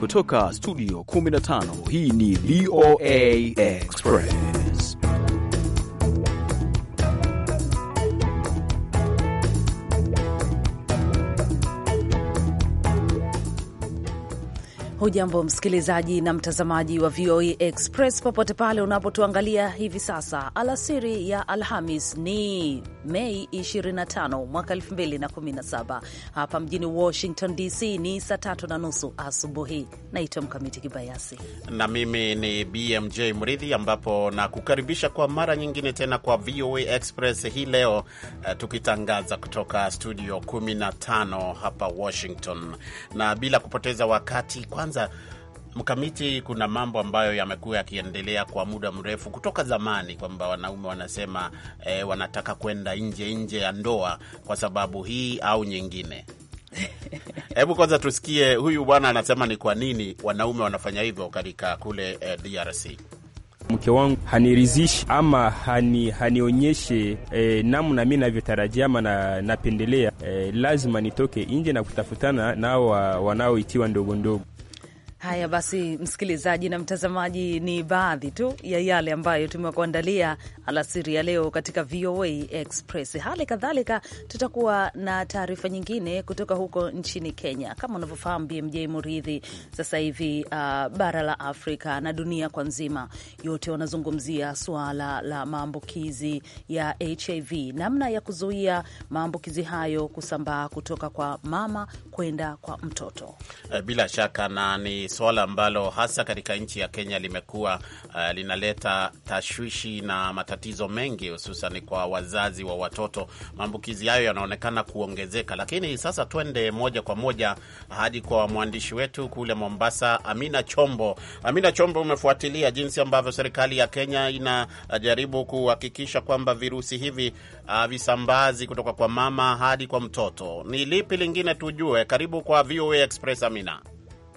kutoka studio 15 hii ni VOA Express. Hujambo msikilizaji na mtazamaji wa VOA Express popote pale unapotuangalia hivi sasa, alasiri ya Alhamis ni Mei 25 mwaka 2017 hapa mjini Washington DC. Ni saa tatu na nusu asubuhi. Naitwa Mkamiti Kibayasi na mimi ni BMJ Mridhi, ambapo nakukaribisha kwa mara nyingine tena kwa VOA Express hii leo, uh, tukitangaza kutoka studio 15 hapa Washington, na bila kupoteza wakati kwanza Mkamiti, kuna mambo ambayo yamekuwa yakiendelea kwa muda mrefu kutoka zamani, kwamba wanaume wanasema eh, wanataka kwenda nje nje ya ndoa kwa sababu hii au nyingine. Hebu kwanza tusikie huyu bwana anasema ni kwa nini wanaume wanafanya hivyo katika kule eh, DRC. Mke wangu haniridhishi ama hani, hanionyeshe eh, namna mi navyotarajia ama na, napendelea eh, lazima nitoke nje na kutafutana nao wanaoitiwa ndogo ndogo. Haya basi, msikilizaji na mtazamaji, ni baadhi tu ya yale ambayo tumekuandalia alasiri ya leo katika VOA Express. Hali kadhalika tutakuwa na taarifa nyingine kutoka huko nchini Kenya. Kama unavyofahamu BMJ Muridhi, sasa hivi uh, bara la Afrika na dunia kwa nzima yote wanazungumzia suala la maambukizi ya HIV, namna ya kuzuia maambukizi hayo kusambaa kutoka kwa mama kwenda kwa mtoto. Eh, bila shaka na ni swala ambalo hasa katika nchi ya Kenya limekuwa uh, linaleta tashwishi na matatizo mengi, hususan kwa wazazi wa watoto. Maambukizi hayo yanaonekana kuongezeka, lakini sasa twende moja kwa moja hadi kwa mwandishi wetu kule Mombasa, Amina Chombo. Amina Chombo, umefuatilia jinsi ambavyo serikali ya Kenya inajaribu kuhakikisha kwamba virusi hivi havisambazi ah, uh, kutoka kwa mama hadi kwa mtoto. Ni lipi lingine tujue? Karibu kwa VOA Express, Amina.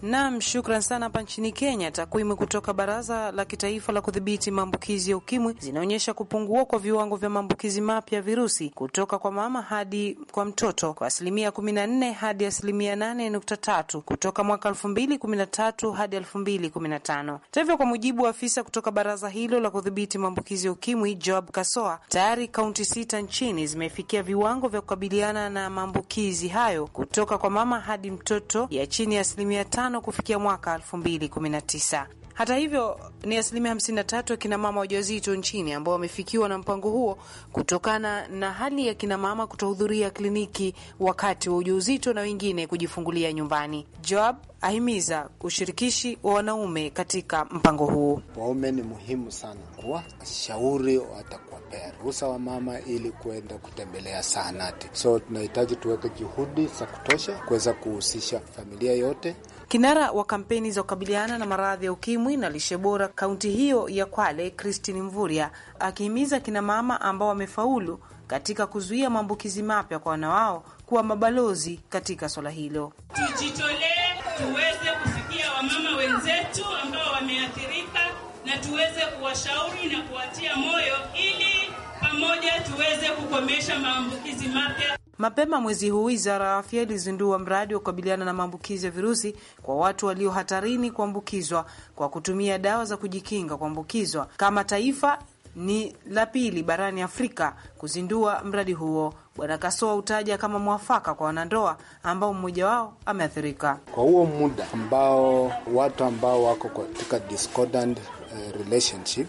Naam, shukran sana. Hapa nchini Kenya, takwimu kutoka Baraza la Kitaifa la Kudhibiti Maambukizi ya Ukimwi zinaonyesha kupungua kwa viwango vya maambukizi mapya ya virusi kutoka kwa mama hadi kwa mtoto kwa asilimia kumi na nne hadi asilimia nane nukta tatu kutoka mwaka elfu mbili kumi na tatu hadi elfu mbili kumi na tano Hata hivyo, kwa mujibu wa afisa kutoka baraza hilo la kudhibiti maambukizi ya ukimwi Job Kasoa, tayari kaunti sita nchini zimefikia viwango vya kukabiliana na maambukizi hayo kutoka kwa mama hadi mtoto ya chini ya asilimia tano tano kufikia mwaka 2019. Hata hivyo ni asilimia 53 ya kinamama wajawazito nchini ambao wamefikiwa na mpango huo kutokana na hali ya kinamama kutohudhuria kliniki wakati wa ujauzito na wengine kujifungulia nyumbani. Joab ahimiza ushirikishi wa wanaume katika mpango huo. Waume ni muhimu sana kuwa shauri, watakuwapea ruhusa wa mama ili kuenda kutembelea sahanati. So tunahitaji tuweke juhudi za kutosha kuweza kuhusisha familia yote Kinara wa kampeni za kukabiliana na maradhi ya ukimwi na lishe bora kaunti hiyo ya Kwale, Christine Mvurya akihimiza kinamama ambao wamefaulu katika kuzuia maambukizi mapya kwa wanawao kuwa mabalozi katika swala hilo. Tujitolee tuweze kufikia wamama wenzetu ambao wameathirika, na tuweze kuwashauri na kuwatia moyo, ili pamoja tuweze kukomesha maambukizi mapya. Mapema mwezi huu wizara ya afya ilizindua mradi wa kukabiliana na maambukizi ya virusi kwa watu walio hatarini kuambukizwa kwa kutumia dawa za kujikinga kuambukizwa. Kama taifa ni la pili barani Afrika kuzindua mradi huo. Bwana Kasoa utaja kama mwafaka kwa wanandoa ambao mmoja wao ameathirika. Kwa huo muda ambao watu ambao wako katika discordant eh, relationship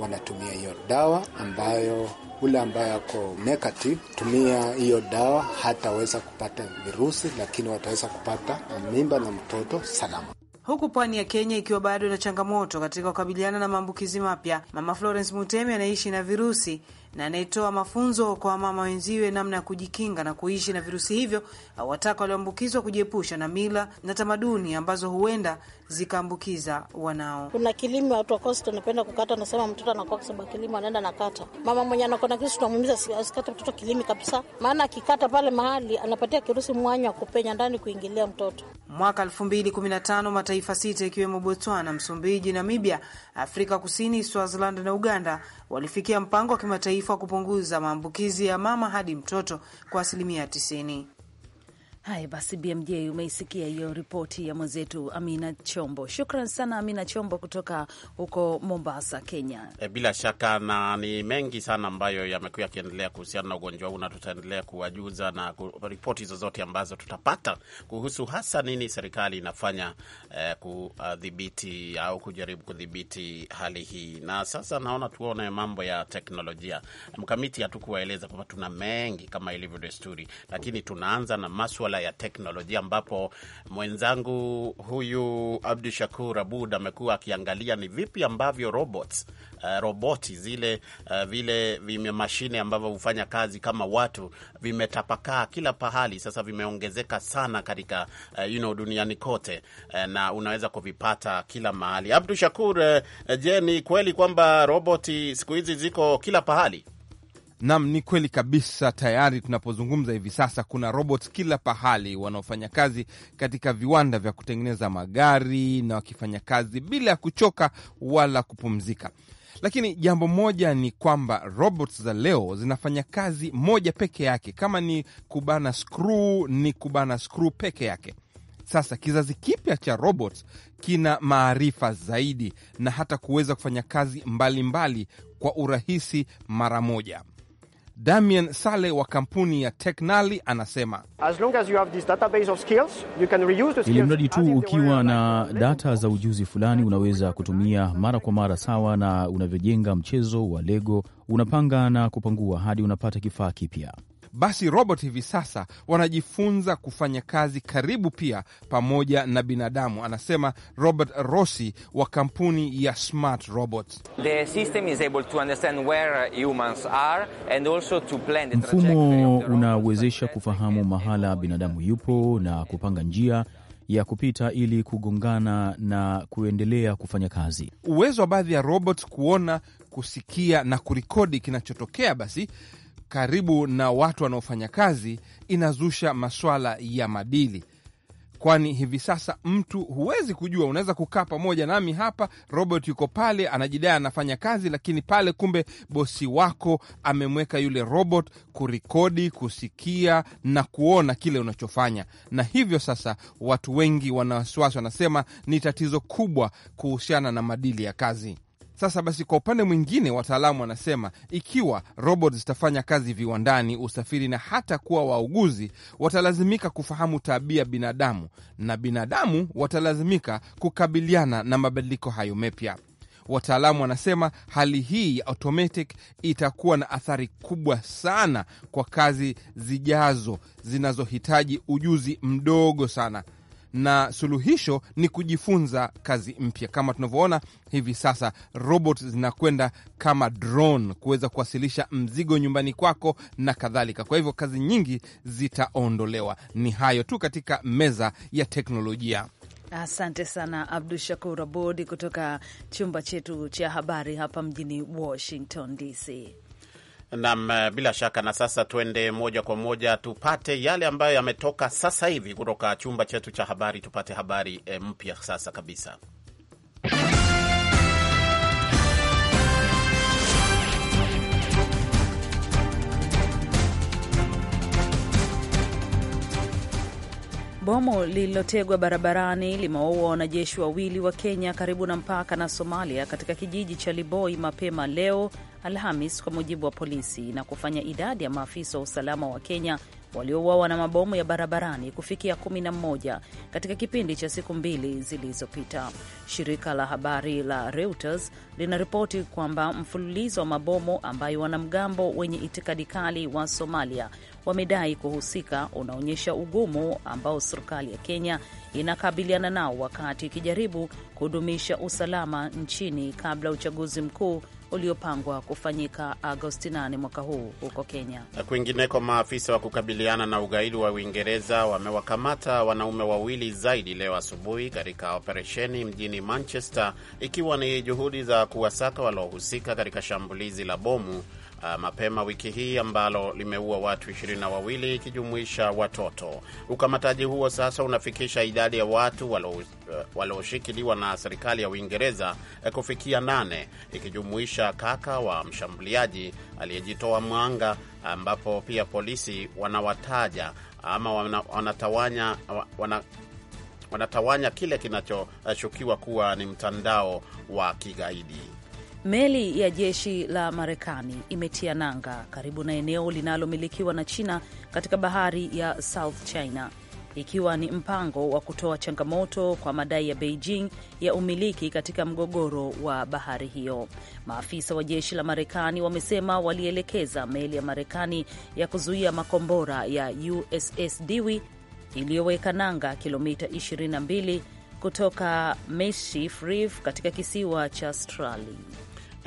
wanatumia hiyo dawa ambayo ule ambaye ako negative, tumia hiyo dawa, hataweza kupata virusi, lakini wataweza kupata mimba na mtoto salama. Huku pwani ya Kenya ikiwa bado na changamoto katika kukabiliana na maambukizi mapya, Mama Florence Mutemi anaishi na virusi na anayetoa mafunzo kwa mama wenziwe namna ya kujikinga na kuishi na virusi hivyo, awataka walioambukizwa kujiepusha na mila na tamaduni ambazo huenda zikaambukiza wanao. Kuna kilimo watu wakosi tunapenda kukata, nasema mtoto anakuwa kusaba kilimo anaenda nakata. Mama mwenye anakuwa na kirusi tunamuumiza asikate mtoto kilimi kabisa, maana akikata pale mahali anapatia kirusi mwanya wa kupenya ndani kuingilia mtoto. Mwaka elfu mbili kumi na tano mataifa sita ikiwemo Botswana, Msumbiji, Namibia, Afrika Kusini, Swaziland na Uganda walifikia mpango wa kimataifa wa kupunguza maambukizi ya mama hadi mtoto kwa asilimia 90. Haya basi, BMJ umeisikia hiyo ripoti ya mwenzetu Amina Chombo. Shukran sana Amina Chombo kutoka huko Mombasa, Kenya. E, bila shaka na ni mengi sana ambayo yamekuwa yakiendelea kuhusiana na ugonjwa huu, na tutaendelea kuwajuza na ripoti zozote ambazo tutapata kuhusu hasa nini serikali inafanya eh, kudhibiti au kujaribu kudhibiti hali hii. Na sasa naona tuone mambo ya teknolojia. Mkamiti, hatukuwaeleza kwamba tuna mengi kama ilivyo desturi, lakini tunaanza na maswala masuala ya teknolojia, ambapo mwenzangu huyu Abdu Shakur Abud amekuwa akiangalia ni vipi ambavyo robots, uh, roboti zile uh, vile mashine ambavyo hufanya kazi kama watu vimetapakaa kila pahali, sasa vimeongezeka sana katika uh, you know, duniani kote uh, na unaweza kuvipata kila mahali. Abdu Shakur, uh, je, ni kweli kwamba roboti siku hizi ziko kila pahali? Nam, ni kweli kabisa. Tayari tunapozungumza hivi sasa, kuna robots kila pahali, wanaofanya kazi katika viwanda vya kutengeneza magari na wakifanya kazi bila ya kuchoka wala kupumzika. Lakini jambo moja ni kwamba robots za leo zinafanya kazi moja peke yake, kama ni kubana skru, ni kubana skru peke yake. Sasa kizazi kipya cha robots kina maarifa zaidi na hata kuweza kufanya kazi mbalimbali mbali kwa urahisi mara moja damian Sale wa kampuni ya Teknali anasema ili mradi tu ukiwa na data za ujuzi fulani, unaweza kutumia mara kwa mara, sawa na unavyojenga mchezo wa Lego, unapanga na kupangua hadi unapata kifaa kipya basi robot hivi sasa wanajifunza kufanya kazi karibu pia pamoja na binadamu, anasema Robert Rossi wa kampuni ya Smart Robot. Mfumo unawezesha kufahamu mahala binadamu yupo na kupanga njia ya kupita ili kugongana na kuendelea kufanya kazi. Uwezo wa baadhi ya robot kuona, kusikia na kurekodi kinachotokea basi karibu na watu wanaofanya kazi, inazusha maswala ya madili, kwani hivi sasa mtu huwezi kujua. Unaweza kukaa pamoja nami hapa, Robert yuko pale anajidai anafanya kazi, lakini pale kumbe bosi wako amemweka yule robot kurikodi kusikia na kuona kile unachofanya. Na hivyo sasa, watu wengi wana wasiwasi, wanasema ni tatizo kubwa kuhusiana na madili ya kazi. Sasa basi, kwa upande mwingine, wataalamu wanasema ikiwa robot zitafanya kazi viwandani, usafiri na hata kuwa wauguzi, watalazimika kufahamu tabia binadamu na binadamu watalazimika kukabiliana na mabadiliko hayo mepya. Wataalamu wanasema hali hii ya automatic itakuwa na athari kubwa sana kwa kazi zijazo zinazohitaji ujuzi mdogo sana na suluhisho ni kujifunza kazi mpya. Kama tunavyoona hivi sasa, robot zinakwenda kama drone kuweza kuwasilisha mzigo nyumbani kwako na kadhalika. Kwa hivyo kazi nyingi zitaondolewa. Ni hayo tu katika meza ya teknolojia. Asante sana Abdu Shakur abud kutoka chumba chetu cha habari hapa mjini Washington DC. Nam, eh, bila shaka. Na sasa tuende moja kwa moja tupate yale ambayo yametoka sasa hivi kutoka chumba chetu cha habari, tupate habari e, mpya sasa kabisa Bomu lililotegwa barabarani limewaua wanajeshi wawili wa Kenya karibu na mpaka na Somalia katika kijiji cha Liboi mapema leo Alhamis, kwa mujibu wa polisi, na kufanya idadi ya maafisa wa usalama wa Kenya waliouawa na mabomu ya barabarani kufikia 11 katika kipindi cha siku mbili zilizopita. Shirika la habari la Reuters linaripoti kwamba mfululizo wa mabomu ambayo wanamgambo wenye itikadi kali wa Somalia wamedai kuhusika unaonyesha ugumu ambao serikali ya Kenya inakabiliana nao wakati ikijaribu kudumisha usalama nchini kabla ya uchaguzi mkuu uliopangwa kufanyika Agosti 8 mwaka huu huko Kenya. Kwingineko, maafisa wa kukabiliana na ugaidi wa Uingereza wamewakamata wanaume wawili zaidi leo asubuhi katika operesheni mjini Manchester, ikiwa ni juhudi za kuwasaka waliohusika katika shambulizi la bomu uh, mapema wiki hii ambalo limeua watu ishirini na wawili ikijumuisha watoto. Ukamataji huo sasa unafikisha idadi ya watu eh, walioshikiliwa na serikali ya Uingereza eh, kufikia nane ikijumuisha kaka wa mshambuliaji aliyejitoa mwanga, ambapo pia polisi wanawataja ama wanatawanya wana, wanatawanya kile kinachoshukiwa eh, kuwa ni mtandao wa kigaidi. Meli ya jeshi la Marekani imetia nanga karibu na eneo linalomilikiwa na China katika bahari ya South China, ikiwa ni mpango wa kutoa changamoto kwa madai ya Beijing ya umiliki katika mgogoro wa bahari hiyo. Maafisa wa jeshi la Marekani wamesema walielekeza meli ya Marekani ya kuzuia makombora ya USS Dewey iliyoweka nanga kilomita 22 kutoka Mischief Reef katika kisiwa cha Strali.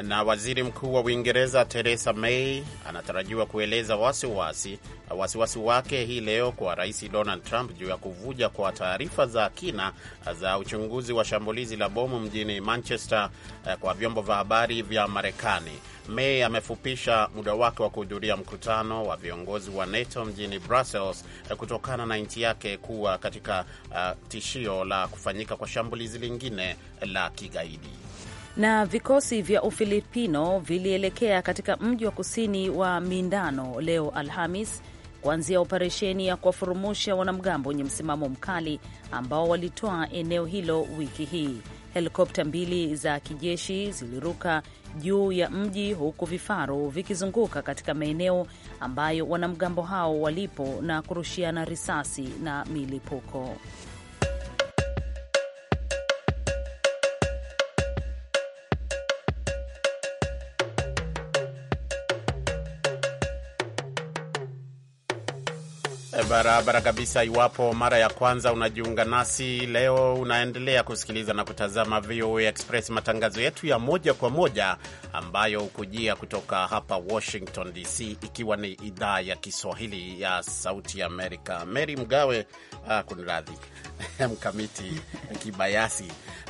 Na waziri mkuu wa Uingereza Theresa May anatarajiwa kueleza wasiwasi wasiwasi wake hii leo kwa rais Donald Trump juu ya kuvuja kwa taarifa za kina za uchunguzi wa shambulizi la bomu mjini Manchester eh, kwa vyombo vya habari vya Marekani. May amefupisha muda wake wa kuhudhuria mkutano wa viongozi wa NATO mjini Brussels eh, kutokana na nchi yake kuwa katika uh, tishio la kufanyika kwa shambulizi lingine la kigaidi. Na vikosi vya Ufilipino vilielekea katika mji wa kusini wa Mindano leo Alhamis kuanzia operesheni ya kuwafurumusha wanamgambo wenye msimamo mkali ambao walitoa eneo hilo wiki hii. Helikopta mbili za kijeshi ziliruka juu ya mji huku vifaru vikizunguka katika maeneo ambayo wanamgambo hao walipo na kurushiana risasi na milipuko. barabara kabisa. Iwapo mara ya kwanza unajiunga nasi leo, unaendelea kusikiliza na kutazama VOA Express, matangazo yetu ya moja kwa moja ambayo hukujia kutoka hapa Washington DC, ikiwa ni idhaa ya Kiswahili ya Sauti Amerika. Mary Mgawe, ah, kunradhi mkamiti kibayasi.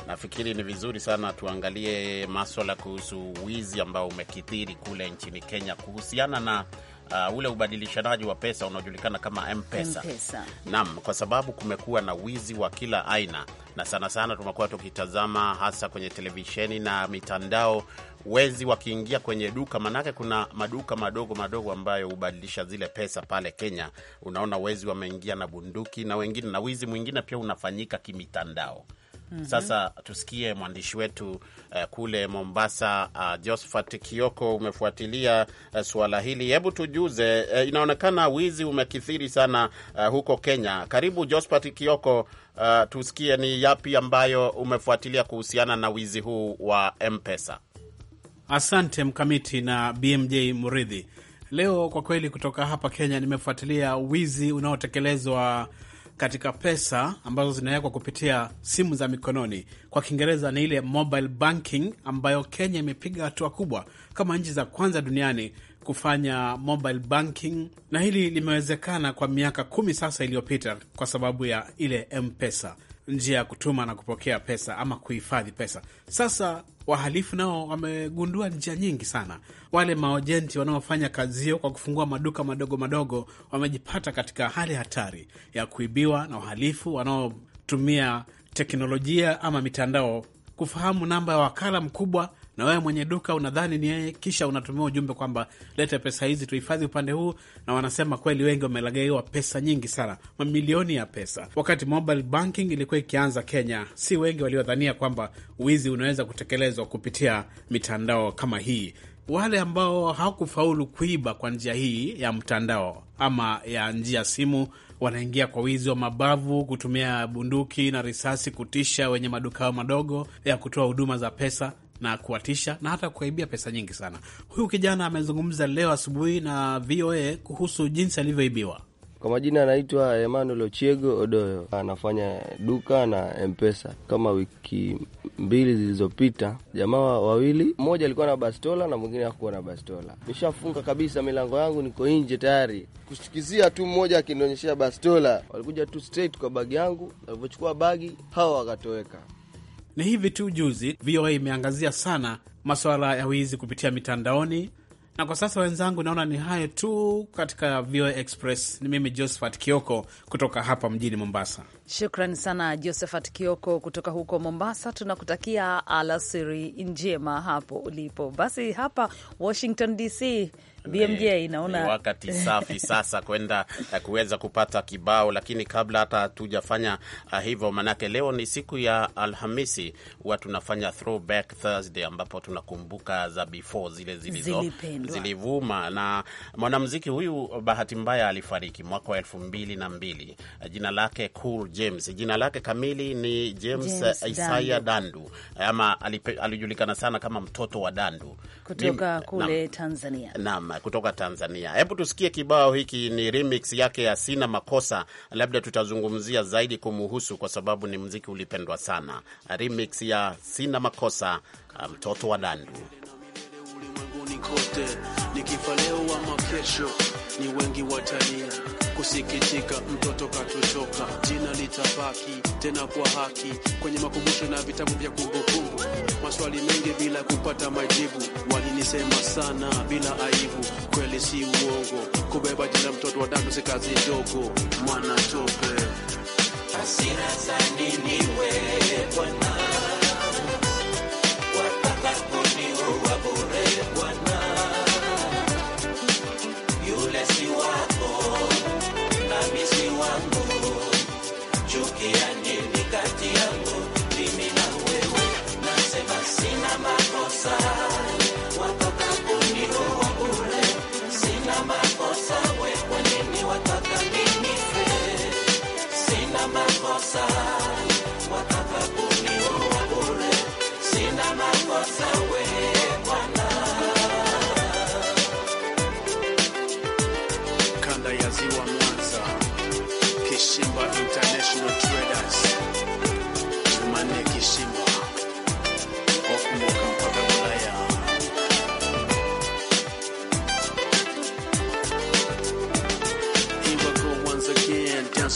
Nafikiri ni vizuri sana tuangalie maswala kuhusu wizi ambao umekithiri kule nchini Kenya kuhusiana na uh, ule ubadilishanaji wa pesa unaojulikana kama M-Pesa. M-Pesa. Naam, kwa sababu kumekuwa na wizi wa kila aina na sana sana tumekuwa tukitazama hasa kwenye televisheni na mitandao wezi wakiingia kwenye duka, maanake kuna maduka madogo madogo ambayo hubadilisha zile pesa pale Kenya. Unaona wezi wameingia na bunduki na wengine, na wizi mwingine pia unafanyika kimitandao. -hmm. Sasa tusikie mwandishi wetu uh, kule Mombasa uh, Josephat Kioko, umefuatilia uh, suala hili, hebu tujuze. Uh, inaonekana wizi umekithiri sana uh, huko Kenya. Karibu Josephat Kioko, uh, tusikie ni yapi ambayo umefuatilia kuhusiana na wizi huu wa M-Pesa. Asante mkamiti na BMJ Muridhi. Leo kwa kweli kutoka hapa Kenya nimefuatilia wizi unaotekelezwa katika pesa ambazo zinawekwa kupitia simu za mikononi, kwa Kiingereza ni ile mobile banking, ambayo Kenya imepiga hatua kubwa kama nchi za kwanza duniani kufanya mobile banking, na hili limewezekana kwa miaka kumi sasa iliyopita kwa sababu ya ile M-Pesa njia ya kutuma na kupokea pesa ama kuhifadhi pesa. Sasa wahalifu nao wamegundua njia nyingi sana. Wale maojenti wanaofanya kazi hiyo kwa kufungua maduka madogo madogo wamejipata katika hali hatari ya kuibiwa na wahalifu wanaotumia teknolojia ama mitandao kufahamu namba ya wakala mkubwa na wewe mwenye duka unadhani ni yeye, kisha unatumia ujumbe kwamba lete pesa hizi tuhifadhi upande huu, na wanasema kweli wengi wamelagaiwa pesa nyingi sana, mamilioni ya pesa. Wakati mobile banking ilikuwa ikianza Kenya, si wengi waliodhania kwamba wizi unaweza kutekelezwa kupitia mitandao kama hii. Wale ambao hawakufaulu kuiba kwa njia hii ya mtandao ama ya njia simu wanaingia kwa wizi wa mabavu, kutumia bunduki na risasi kutisha wenye maduka yao madogo ya kutoa huduma za pesa na kuwatisha na hata kuaibia pesa nyingi sana. Huyu kijana amezungumza leo asubuhi na VOA kuhusu jinsi alivyoibiwa. Kwa majina anaitwa Emmanuel Ochiego Odoyo, anafanya duka na Mpesa. Kama wiki mbili zilizopita, jamaa wawili, mmoja alikuwa na bastola na mwingine hakuwa na bastola. Nishafunga kabisa milango yangu, niko nje tayari kusikizia tu, mmoja akinionyeshea bastola. Walikuja tu straight kwa bagi yangu, walivyochukua bagi hawa wakatoweka. Ni hivi tu juzi VOA imeangazia sana masuala ya wizi kupitia mitandaoni, na kwa sasa wenzangu, naona ni hayo tu katika VOA Express. Ni mimi Josephat Kioko kutoka hapa mjini Mombasa. Shukran sana Josephat Kioko kutoka huko Mombasa. Tunakutakia alasiri njema hapo ulipo. Basi hapa Washington DC BMJ inaona wakati safi sasa kwenda eh, kuweza kupata kibao, lakini kabla hata hatujafanya eh, hivyo, manake leo ni siku ya Alhamisi, huwa tunafanya throwback Thursday, ambapo tunakumbuka za before zile zilizo zilivuma, na mwanamuziki huyu bahati mbaya alifariki mwaka wa elfu mbili na mbili. Eh, jina lake Cool James, jina lake kamili ni James, James Isaiah Dandu, Dandu ama alijulikana sana kama mtoto wa Dandu kutoka ni, kule nam, Tanzania. Naam, kutoka Tanzania. Hebu tusikie kibao hiki, ni remix yake ya Sina Makosa, labda tutazungumzia zaidi kumuhusu kwa sababu ni mziki ulipendwa sana. Remix ya Sina Makosa, mtoto um, wa dandu ulimwenguni kote, nikifa leo ama kesho, ni wengi watalia, kusikitika, mtoto katutoka, jina litabaki tena kwa haki kwenye makumbusho na vitabu vya kumbukumbu. Maswali mengi bila kupata majibu, walinisema sana bila aibu, kweli si uongo, kubeba jina mtoto wa damu si kazi ndogo, mwana tope, hasira za nini we bwana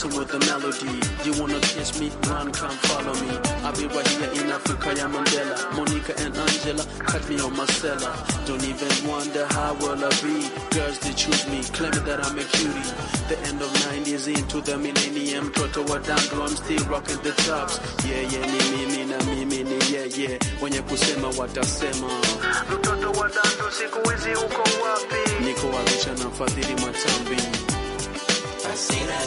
dancing with the melody. You wanna kiss me? Run, come follow me. I'll be right here in Africa, yeah, Mandela. Monica and Angela, cut me on my cellar. Don't even wonder how will I be. Girls, they choose me, claiming that I'm a cutie. The end of 90s into the millennium. Toto wa dandro, I'm still rocking the chops. Yeah, yeah, ni mi mi na mi mi ni yeah, yeah. Wenye kusema watasema. Mtoto wa dandro siku hizi uko wapi? Niko Arusha na mfadhili matambi. Sina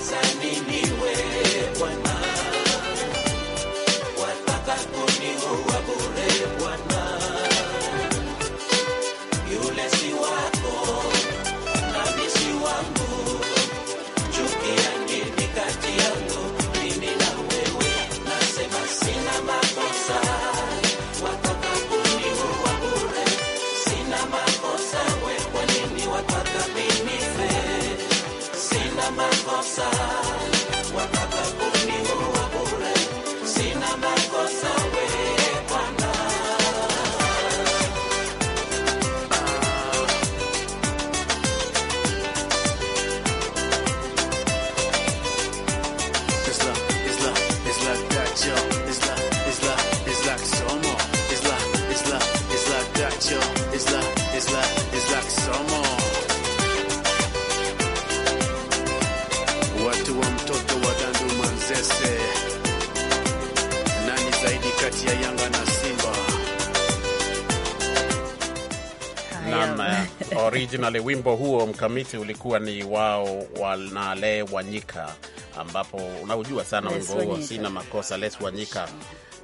wimbo huo mkamiti ulikuwa ni wao wanale Wanyika, ambapo unaujua sana wimbo huo, sina makosa Les Wanyika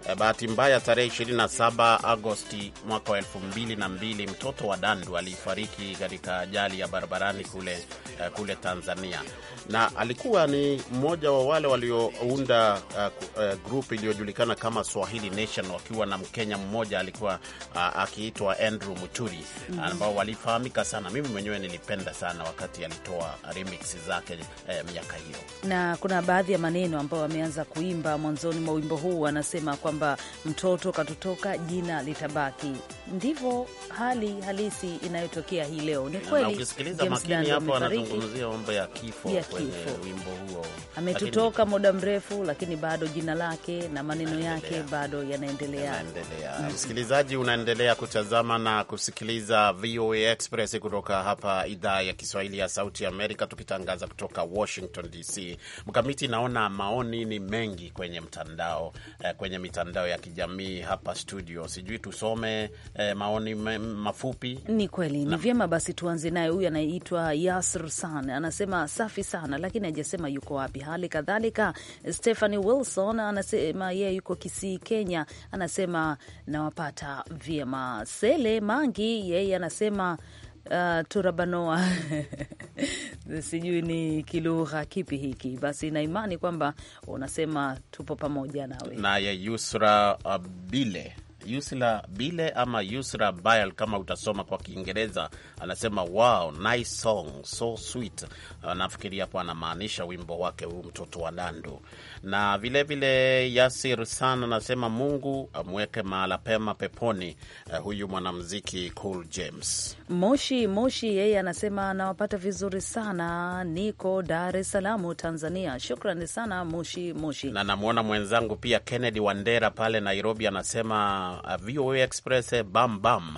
Eh, bahati mbaya tarehe 27 Agosti mwaka wa 2002 mtoto wa Dandu alifariki katika ajali ya barabarani kule, eh, kule Tanzania, na alikuwa ni mmoja wa wale waliounda uh, eh, uh, grupu iliyojulikana kama Swahili Nation wakiwa na Mkenya mmoja alikuwa uh, akiitwa Andrew Muturi mm -hmm. ambao walifahamika sana. Mimi mwenyewe nilipenda sana wakati alitoa remix zake eh, miaka hiyo, na kuna baadhi ya maneno ambayo wameanza kuimba mwanzoni mwa wimbo huu, anasema kwa kwamba mtoto katotoka, jina litabaki. Ndivyo hali halisi inayotokea hii leo. Ni kweli, ukisikiliza makini hapo, anazungumzia mambo ya kifo kwenye wimbo huo. Ametutoka muda mrefu, lakini bado jina lake na maneno yake bado yanaendelea. Mm-hmm. Msikilizaji, unaendelea kutazama na kusikiliza VOA Express kutoka hapa idhaa ya Kiswahili ya Sauti Amerika, tukitangaza kutoka Washington DC. Mkamiti, naona maoni ni mengi kwenye mtandao, eh, kwenye mitandao mitandao ya kijamii hapa studio. Sijui tusome eh, maoni mafupi. Ni kweli, ni vyema basi tuanze naye. Huyu anaitwa Yasr San anasema safi sana, lakini hajasema yuko wapi. Hali kadhalika Stephanie Wilson anasema yeye yuko Kisii, Kenya, anasema nawapata vyema. Sele Mangi yeye anasema uh, turabanoa sijui ni kilugha kipi hiki. Basi na imani kwamba unasema tupo pamoja nawe, naye Yusra bile Yusra Bile ama Yusra Bile kama utasoma kwa Kiingereza, anasema wow, nice song so sweet. Uh, Nafikiri hapo anamaanisha wimbo wake huu mtoto wa Dandu. Na vilevile Yasir San anasema Mungu amweke mahala pema peponi uh, huyu mwanamziki Cool James. Moshi Moshi yeye anasema anawapata vizuri sana, niko Dar es Salaam Tanzania. Shukrani sana Moshi Moshi, na namwona mwenzangu pia Kennedy Wandera pale Nairobi anasema Uh, VOA Express eh, bam bam.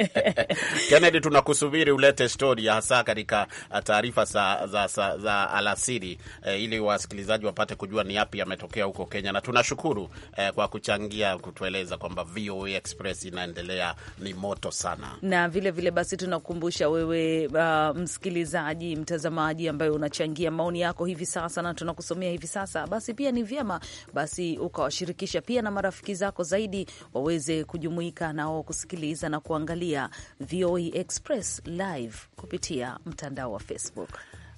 Kennedy, tunakusubiri ulete stori hasa katika uh, taarifa za, za, za alasiri eh, ili wasikilizaji wapate kujua ni yapi yametokea huko Kenya, na tunashukuru eh, kwa kuchangia kutueleza kwamba VOA Express inaendelea ni moto sana, na vilevile vile basi tunakukumbusha wewe uh, msikilizaji, mtazamaji ambaye unachangia maoni yako hivi sasa na tunakusomea hivi sasa, basi pia ni vyema basi ukawashirikisha pia na marafiki zako zaidi waweze kujumuika nao kusikiliza na kuangalia VOA e Express live kupitia mtandao wa Facebook.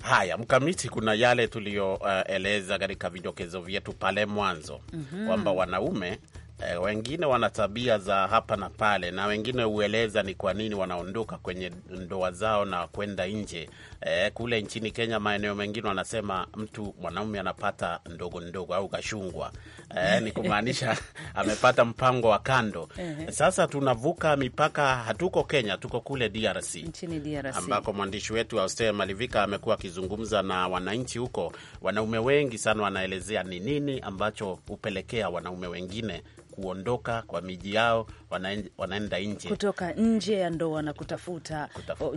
Haya, Mkamiti, kuna yale tuliyoeleza uh, katika vidokezo vyetu pale mwanzo mm -hmm. kwamba wanaume Eh, wengine wana tabia za hapa na pale, na wengine hueleza ni kwa nini wanaondoka kwenye ndoa zao na kwenda nje. E, kule nchini Kenya maeneo mengine wanasema mtu mwanaume anapata ndogo ndogo au kashungwa, e, ni kumaanisha amepata mpango wa kando. Sasa tunavuka mipaka, hatuko Kenya, tuko kule DRC, DRC, ambako mwandishi wetu Auster Malivika amekuwa akizungumza na wananchi huko. Wanaume wengi sana wanaelezea ni nini ambacho hupelekea wanaume wengine kuondoka kwa miji yao, wanaenda nje, kutoka nje ya ndoa na kutafuta,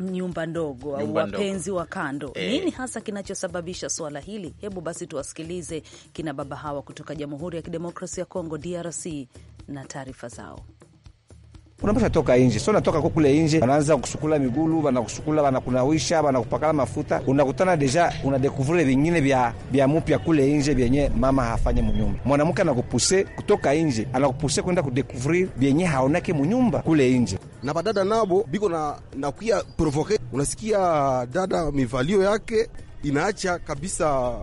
nyumba ndogo au wapenzi wa kando. E, nini hasa kinachosababisha swala hili? Hebu basi tuwasikilize kina baba hawa kutoka Jamhuri ya Kidemokrasia ya Kongo, DRC, na taarifa zao unapasha toka nje, so natoka ko kule nje, wanaanza kusukula migulu, wanakusukula, wanakunawisha, wanakupakala mafuta, unakutana deja, una unadekuvure vingine vya vya mupya kule nje vyenye mama hafanye munyumba. Mwanamke anakupuse kutoka nje, anakupuse kwenda kudekuvrir vyenye haonake munyumba kule nje. Na badada nabo biko na nakuya provoke, unasikia dada mivalio yake inaacha kabisa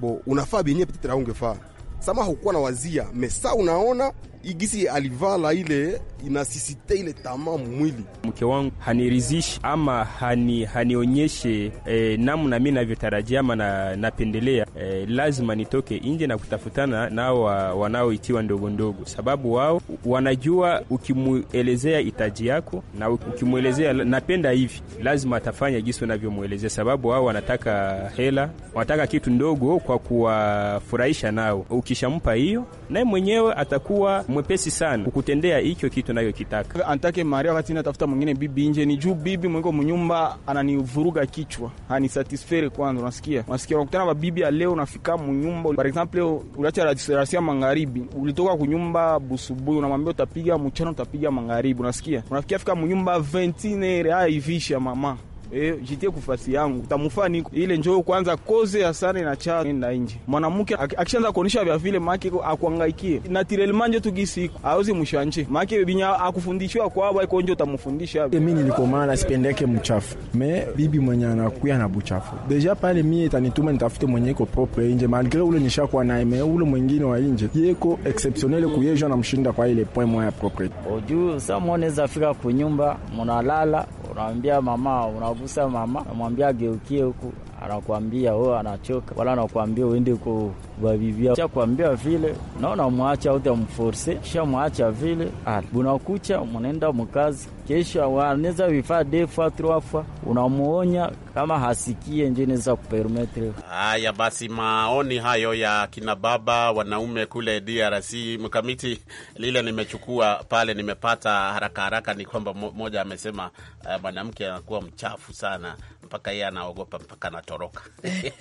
bo, unafaa binye petitera ungefaa sama hukuwa na wazia mesa, unaona igisi alivala ile inasisite ile tamaa mwili. Mke wangu haniridhishi ama hani, hanionyeshe eh, namna mi navyotarajia ama na, napendelea eh, lazima nitoke nje na kutafutana nao wanaoitiwa ndogo ndogo, sababu wao wanajua ukimuelezea itaji yako na ukimuelezea napenda hivi, lazima atafanya jinsi unavyomwelezea, sababu wao wanataka hela, wanataka kitu ndogo kwa kuwafurahisha nao. Ukishampa hiyo, naye mwenyewe atakuwa mwepesi sana kukutendea hicho kitu nayokitaka. Antake Maria wakati natafuta mwingine bibi nje, ni juu bibi mwiko munyumba ananivuruga kichwa, hanisatisfere kwanza. Unasikia, unasikia, unakutana babibi ya leo, unafika mnyumba par exemple leo uliacha rasia magharibi, ulitoka kunyumba busubuhi, unamwambia utapiga mchana, utapiga magharibi, unasikia, unafikia fika munyumba ventine rea ivisha mama Eh, jitie kufasi yangu utamufaa niko ile njoo kwanza koze ya sana na cha na nje mwanamke akishaanza kuonesha vya vile maki akuangaikie na tirelmanje tugisi auzi mshanje maki binya akufundishwa kwa hapo iko nje utamfundisha eh, mimi nilikomana sipendeke mchafu me bibi mwenye anakuya na buchafu deja pale mie itanituma nitafute mwenye iko propre nje malgré ule nisha kwa na ime ule mwingine wa nje yeko exceptionnel kuyejo na mshinda kwa ile point moya propre oju sasa mwanaweza fika kunyumba mnalala Unaambia mama, unagusa mama, namwambia ageukie huku, anakuambia o, anachoka, wala anakuambia uende huko bavivia chakwambia vile naona mwacha au tamforse kisha mwacha vile ah, bunakucha munaenda mukazi kesha waneza vifaa defa trofa unamuonya kama hasikie nje inaweza kupermetre. Haya basi, maoni hayo ya kina baba wanaume kule DRC mkamiti lile nimechukua pale nimepata haraka haraka ni kwamba mmoja amesema eh, mwanamke uh, anakuwa mchafu sana mpaka yeye anaogopa mpaka anatoroka.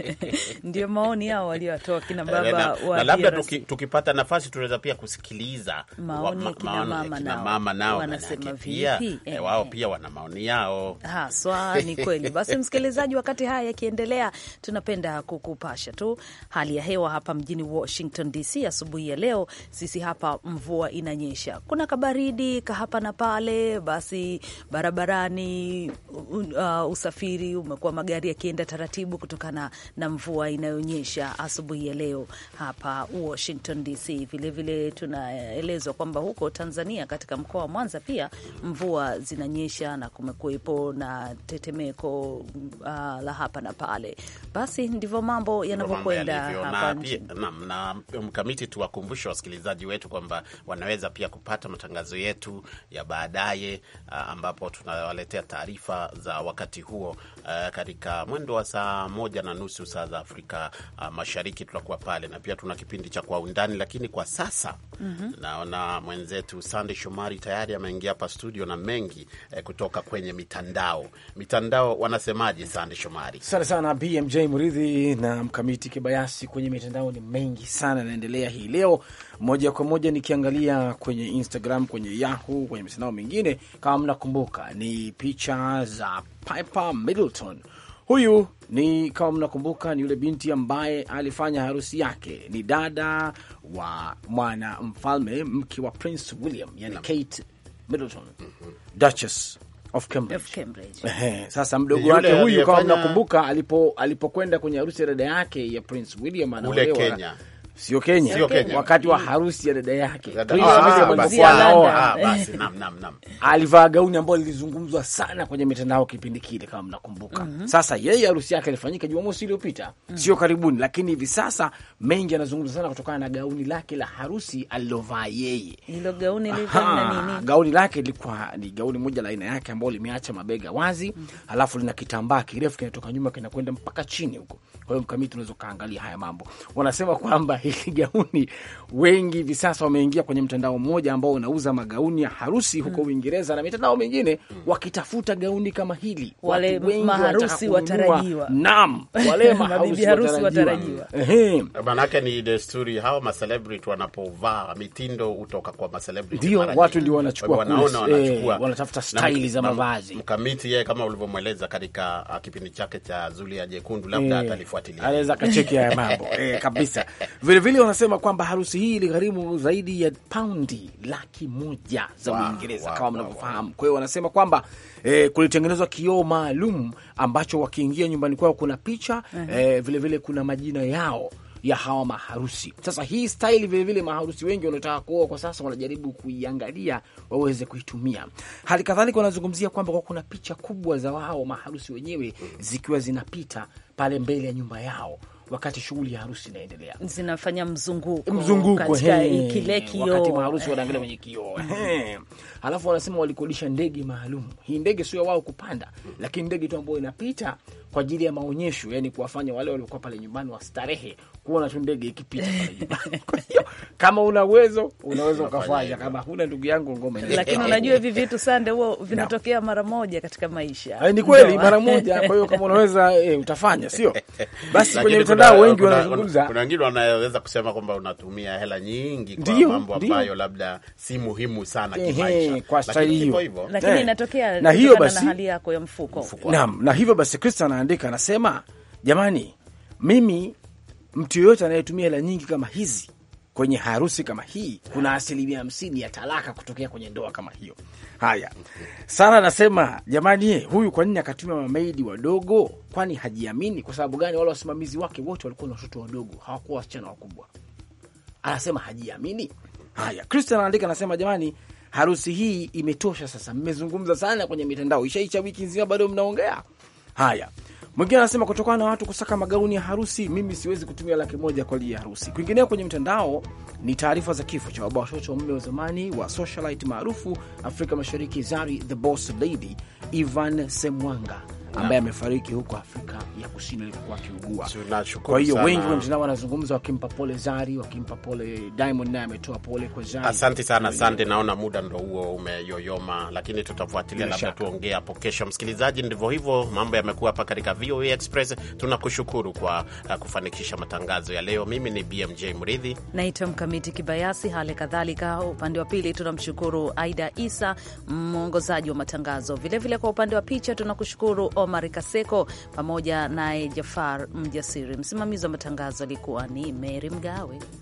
Ndio maoni yao waliotoa kina na eh, baba na, wa na labda tuki, tukipata nafasi tunaweza pia kusikiliza maoni ya kina mama, kina mama nao wanasema eh, eh, Wao eh. pia wana maoni yao haswa. Ni kweli. Basi msikilizaji, wakati haya yakiendelea, tunapenda kukupasha tu hali ya hewa hapa mjini Washington DC asubuhi ya leo. Sisi hapa mvua inanyesha, kuna kabaridi kahapa na pale, basi barabarani uh, usafiri umekuwa magari yakienda taratibu kutokana na mvua inayonyesha asubuhi ya leo leo hapa Washington DC. Vilevile tunaelezwa kwamba huko Tanzania, katika mkoa wa Mwanza pia mvua zinanyesha na kumekuwepo na tetemeko uh, la hapa na pale. Basi ndivyo mambo yanavyokwenda hapa na mkamiti. Tuwakumbushe wasikilizaji wetu kwamba wanaweza pia kupata matangazo yetu ya baadaye, uh, ambapo tunawaletea taarifa za wakati huo uh, katika mwendo wa saa moja na nusu saa za Afrika uh, Mashariki tutakuwa pale, na pia tuna kipindi cha kwa undani, lakini kwa sasa mm -hmm. naona mwenzetu Sande Shomari tayari ameingia hapa studio na mengi eh, kutoka kwenye mitandao. Mitandao wanasemaje, Sande Shomari? Asante sana BMJ Muridhi na Mkamiti Kibayasi. Kwenye mitandao ni mengi sana yanaendelea hii leo, moja kwa moja nikiangalia kwenye Instagram, kwenye Yahoo, kwenye mitandao mingine. Kama mnakumbuka ni picha za Piper Middleton Huyu ni kama mnakumbuka, ni yule binti ambaye alifanya harusi yake, ni dada wa mwana mfalme, mke wa Prince William, yani Kate Middleton, mm -hmm. Duchess of Cambridge. Of Cambridge. Sasa mdogo wake huyu kama mnakumbuka, alipokwenda alipo kwenye harusi ya dada yake ya Prince William anaolewa sio Kenya, sio Kenya, wakati wa harusi ya dada yake ah, ah, ah, alivaa gauni ambayo lilizungumzwa sana kwenye mitandao kipindi kile, kama mnakumbuka. mm -hmm. Sasa yeye harusi yake ilifanyika Jumamosi iliyopita, mm -hmm. sio karibuni, lakini hivi sasa mengi yanazungumzwa sana kutokana na gauni lake la harusi alilovaa yeye. Gauni lake lilikuwa ni gauni moja la aina yake ambayo limeacha mabega wazi, mm -hmm. alafu lina kitambaa kirefu kinatoka nyuma kinakwenda mpaka chini huko. Kwa hiyo mkamiti, unaweza ukaangalia haya mambo, wanasema kwamba hili gauni, wengi hivi sasa wameingia kwenye mtandao mmoja ambao unauza magauni ya harusi huko mm. Uingereza na mitandao mingine mm. wakitafuta gauni kama hili, wale maharusi watarajiwa. Naam, wale maharusi watarajiwa, maanake ni desturi. Hawa macelebrity wanapovaa mitindo hutoka kwa macelebrity, ndio watu ndio wanachukua, wanaona wanachukua, eh, wanatafuta staili za mavazi. Mkamiti yeye kama ulivyomweleza katika ah, kipindi chake cha Zulia Jekundu, labda eh, atalifuatilia, anaweza akacheki haya mambo eh, kabisa. Vilevile wanasema kwamba harusi hii iligharimu zaidi ya paundi laki moja za Uingereza wow, kama mnavyofahamu. Kwa hiyo wanasema kwamba eh, kulitengenezwa kioo maalum ambacho wakiingia nyumbani kwao kuna picha uh-huh. eh, vilevile, eh, vile kuna majina yao ya hawa maharusi. Sasa hii staili vilevile, maharusi wengi wanaotaka kuoa kwa sasa wanajaribu kuiangalia waweze kuitumia. Hali kadhalika wanazungumzia kwamba kwa kuna picha kubwa za wao maharusi wenyewe mm. zikiwa zinapita pale mbele ya nyumba yao wakati shughuli ya harusi inaendelea, zinafanya mzunguko mzunguko kile kioo, wakati maharusi eh. wanaangalia kwenye kio Alafu wanasema walikodisha ndege maalum. Hii ndege sio wao kupanda, lakini ndege tu ambayo inapita kwa ajili ya maonyesho, yani kuwafanya wale waliokuwa pale nyumbani wastarehe kuona tu ndege ikipita pale nyumbani. Kwa hiyo kama una uwezo unaweza ukafanya, kama huna, ndugu yangu, ngoma. Lakini unajua hivi vitu sande, huo vinatokea mara moja katika maisha. Eh, ni kweli, mara moja. Kwa hiyo kama unaweza eh, utafanya sio basi kwenye wadau wengi wanazungumza. Kuna wengine wanaweza kusema kwamba unatumia hela nyingi kwa diyo, mambo ambayo labda si muhimu sana kimaisha kwa staili hiyo, lakini eh, inatokea na hiyo basi, hali yako ya mfuko. Naam, na hivyo basi Kristo anaandika anasema, jamani, mimi mtu yoyote anayetumia hela nyingi kama hizi kwenye harusi kama hii kuna asilimia hamsini ya talaka kutokea kwenye ndoa kama hiyo. Haya, Sara anasema jamani, huyu kwa nini akatumia mameidi wadogo? Kwani hajiamini? Kwa sababu gani? Wale wasimamizi wake wote walikuwa na watoto wadogo, hawakuwa wasichana wakubwa. Anasema hajiamini. Haya, Christian anaandika anasema, jamani, harusi hii imetosha sasa, mmezungumza sana kwenye mitandao, ishaisha wiki nzima bado mnaongea. Haya, Mwingine anasema kutokana na watu kusaka magauni ya harusi, mimi siwezi kutumia laki moja kwa ajili ya harusi. Kwingineo kwenye mtandao ni taarifa za kifo cha baba watoto wa mume wa zamani wa socialite maarufu Afrika Mashariki, Zari the Boss Lady, Ivan Semwanga ambaye amefariki huko Afrika ya Kusini alikuwa akiugua. Kwa hiyo wengi wa mtandao wanazungumza wakimpa pole Zari, wakimpa pole Diamond, naye ametoa pole kwa Zari. Asante sana asante. naona muda ndo huo umeyoyoma, lakini tutafuatilia, labda tuongee hapo kesho. Msikilizaji, ndivyo hivyo mambo yamekuwa hapa katika VOA Express. Tunakushukuru kwa uh, kufanikisha matangazo ya leo. Mimi ni BMJ Mridhi, naitwa Mkamiti Kibayasi. Hali kadhalika upande wa pili tunamshukuru Aida Isa, mwongozaji wa matangazo vilevile. Vile kwa upande wa picha tunakushukuru Omar Kaseko pamoja naye Jafar Mjasiri. Msimamizi wa matangazo alikuwa ni mary Mgawe.